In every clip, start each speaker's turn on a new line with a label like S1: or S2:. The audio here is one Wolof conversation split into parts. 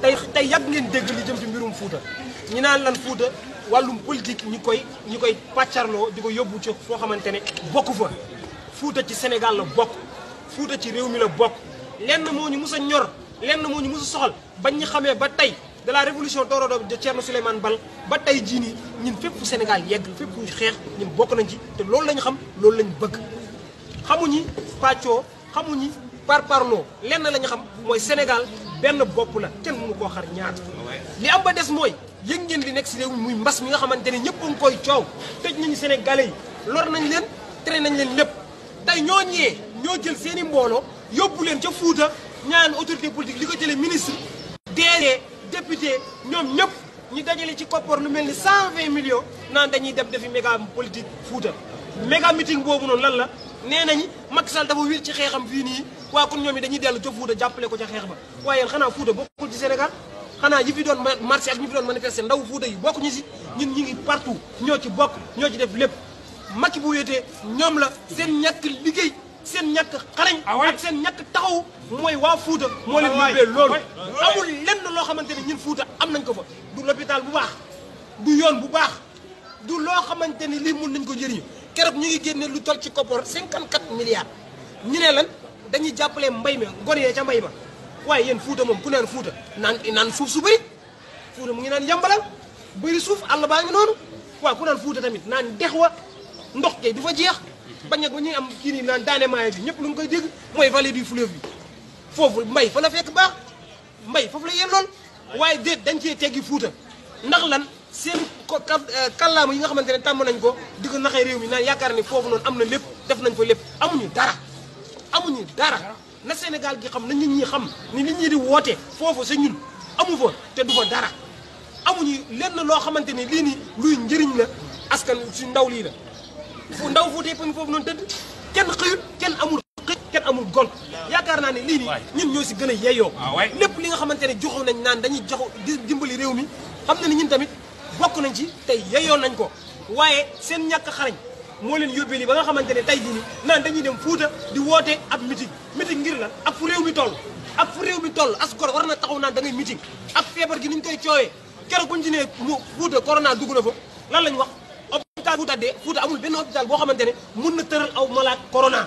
S1: tey tey yàgg ngeen dégg li jëm ci mbirum Fouta ñu naan lan Fouta wàllum politique ñi koy ñi koy pàccarloo di ko yóbbu ci foo xamante ne bokk fa fuuta ci Sénégal la bokk ci réew mi la bokk lenn moo ñu mus a ñor lenn moo ñu mus soxal bañ ñu xamee ba tey de la révolution doorado de Thierno Souleymane Bal ba tey jii nii ñun fépp fu Sénégal yegg fépp fu xeex ñun bokk nañ ci te loolu lañ xam loolu lañ bëgg xamuñu pàccoo xamuñu parparloo lenn lañu ñu xam mooy Sénégal benn bopp la kenn mënu koo xar ñaar li am des mooy yëg ngeen li nekk si réew mi muy mbas mi nga xamante ne ñëpp a ngi koy coow tëj nañu Sénégalais yi lor nañu leen tere nañ leen lépp tey ñoo ñee ñoo jël seen i mbooloo yóbbu leen ca Fuuta ñaan autorité politique li ko jëlee ministre DG député ñoom ñëpp ñu dajalee ci koppoor lu mel ni 120 millions naan dañuy dem defi méga politique Fuuta méga meeting boobu noonu lan la nee nañ Macky Sall dafa wir ci xeexam fii nii waa kon ñoom yi dañuy dellu ca Fuuta jàppale ko ca xeex ba waaye yéen xanaa Fuuta bokkul ci Sénégal xanaa ñi fi doon marché ak ñi fi doon manifester ndaw Fuuta yi bokk ñu si ñun ñi ngi partout ñoo ci bokk ñoo ci def lépp Macky bu wéetee ñoom la seen ñàkk liggéey seen ñàkk xarañ ah ak seen ñàkk taxaw mooy waa Fuuta moo leen liggéey ah loolu amul lenn loo xamante ne ñun Fuuta am nañ ko fa du l'hôpital bu baax du yoon bu baax du loo xamante ni lii mun nañ ko jëriñu keroog ñu ngi génne lu toll ci koppar 54 milliards ñu ne lan dañuy jàppale mbay ma ngor yee ca mbay ma waaye yéen fuuta moom ku neen fuuta naan naan suuf su bëri fuuta mu ngi naan yambalal bëri suuf àll baa ngi noonu waaw ku naan fuuta tamit naan dex wa ndox kay du fa jeex ba ak ñu ñuy am kii nii naan daane maayo bi ñëpp lu ngi koy dégg mooy vallée du fleuve bi foofu mbay fa la fekk baax mbay foofu la yéen lool waaye déet dañ cee teggi fuuta ndax lan seen ko euh, kàllaama yi nga xamante ne tàmm nañ ko di ko naxee réew mi naan yaakaar ni foofu noonu am na lépp def nañ fa lépp amuñu dara amuñu dara na Sénégal gi xam nañu ñi xam ni nit ñi di woote foofu sa ñun amu fa te du fa dara amuñu lenn loo xamante ni lii nii luy njëriñ la askan si ndaw lii la ndaw fuutee pami foofu noonu tëdd kenn xëyut kenn amul kenn amul gont yaakaar naa ne lii nii ñun ñoo si gën a yeeyoo ah, lépp li nga xamante ne joxoon nañ naan dañuy jox dimbali réew mi xam na ni ñun tamit bokk nañ ci tey yeyoon nañ ko waaye seen ñàkk xarañ moo leen yóbbee lii ba nga xamante ne tey jii nii naan dañuy dem Fuuta di woote ab meeting meeting ngir la ak fu réew mi toll ak fu réew mi toll as war na taxaw naan da ngay meeting ak feebar gi ni ñu koy coowee keroog bu Fuuta corona dugg na fa lan lañ wax hôpital Fuuta de Fuuta amul benn hôpital boo xamante ne mun na tëral aw malade corona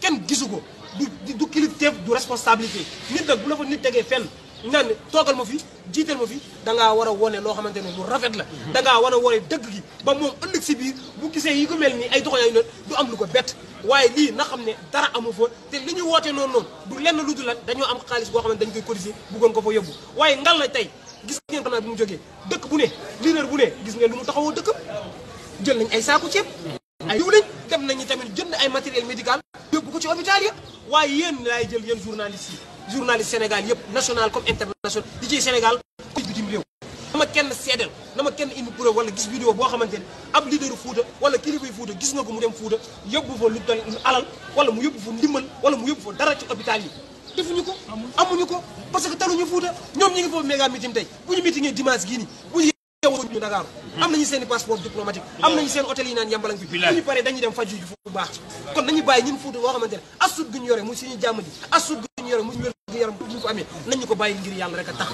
S1: kenn gisu ko du du kilifteef du responsabilité nit nag bu la fa nit tegee fenn naan toogal ma fi jiital ma fi dangaa war a wone loo xamante ne lu rafet la dangaa war a wone dëgg gi ba moom ëllëg si biir bu gisee yi ko mel nii ay doxalin noonu du am lu ko bett waaye lii na xam ne dara amu fa te li ñu woote noonu noonu du lenn lu dul lan dañoo am xaalis boo xam ne dañ koy cotiser bëggoon ko fa yóbbu waaye ngal na tey gis ngeen xam naa bi mu jógee dëkk bu ne leader bu ne gis ngeen lu mu taxawoo dëkkam jël nañ ay saaku ceeb ay diw lañ dem nañu tamit jënd ay matériel médical ko ci hôpital waaye yéen laay jël yéen journaliste journaliste Sénégal yëpp national comme international di ci Sénégal ci bitim réew na ma kenn seedal na ma kenn indi preuve wala gis vidéo boo xamante ne ab leaderu Fuuta wala kilifay Fuuta gis nga ko mu dem Fuuta yóbbu fa lu doy alal wala mu yóbbu fa ndimbal mu yóbbu fa dara ci hôpital yi defuñu ko amuñu ko parce que taluñu Fuuta ñoom ñi ngi foofu méga te waruñu Dakar am nañu seen i passeport diplomatique am nañu seen hôtel yi naan yambalang fi bu ñu paree dañuy dem faju ji fu baax kon nañu bàyyi ñun Fuuta boo xamante ne asut ñu yore muy suñu jàmm ji asut gu ñu yore muy ko amee ko bàyyi a tax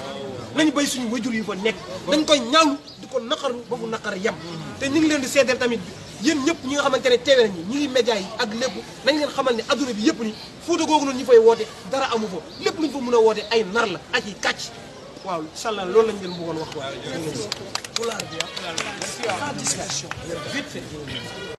S1: nañu béy suñu wajur nekk dañ koy ñaaw di ko naqaru ba mu naqar yem te ñu ngi leen di seedeel tamit yéen ñëpp ñi nga xamante ne teewe nañu ñi ngi média yi ak lépp nañ leen xamal ne adduna bi yëpp ni Fuuta googu noonu ñu fay woote dara amu fa lépp luñ fa mun a woote ay nar la ak yi kàcc waaw sàllaan loolu lañ leen bëggoon wax waaw. Merci. Pour la satisfaction. Vite fait.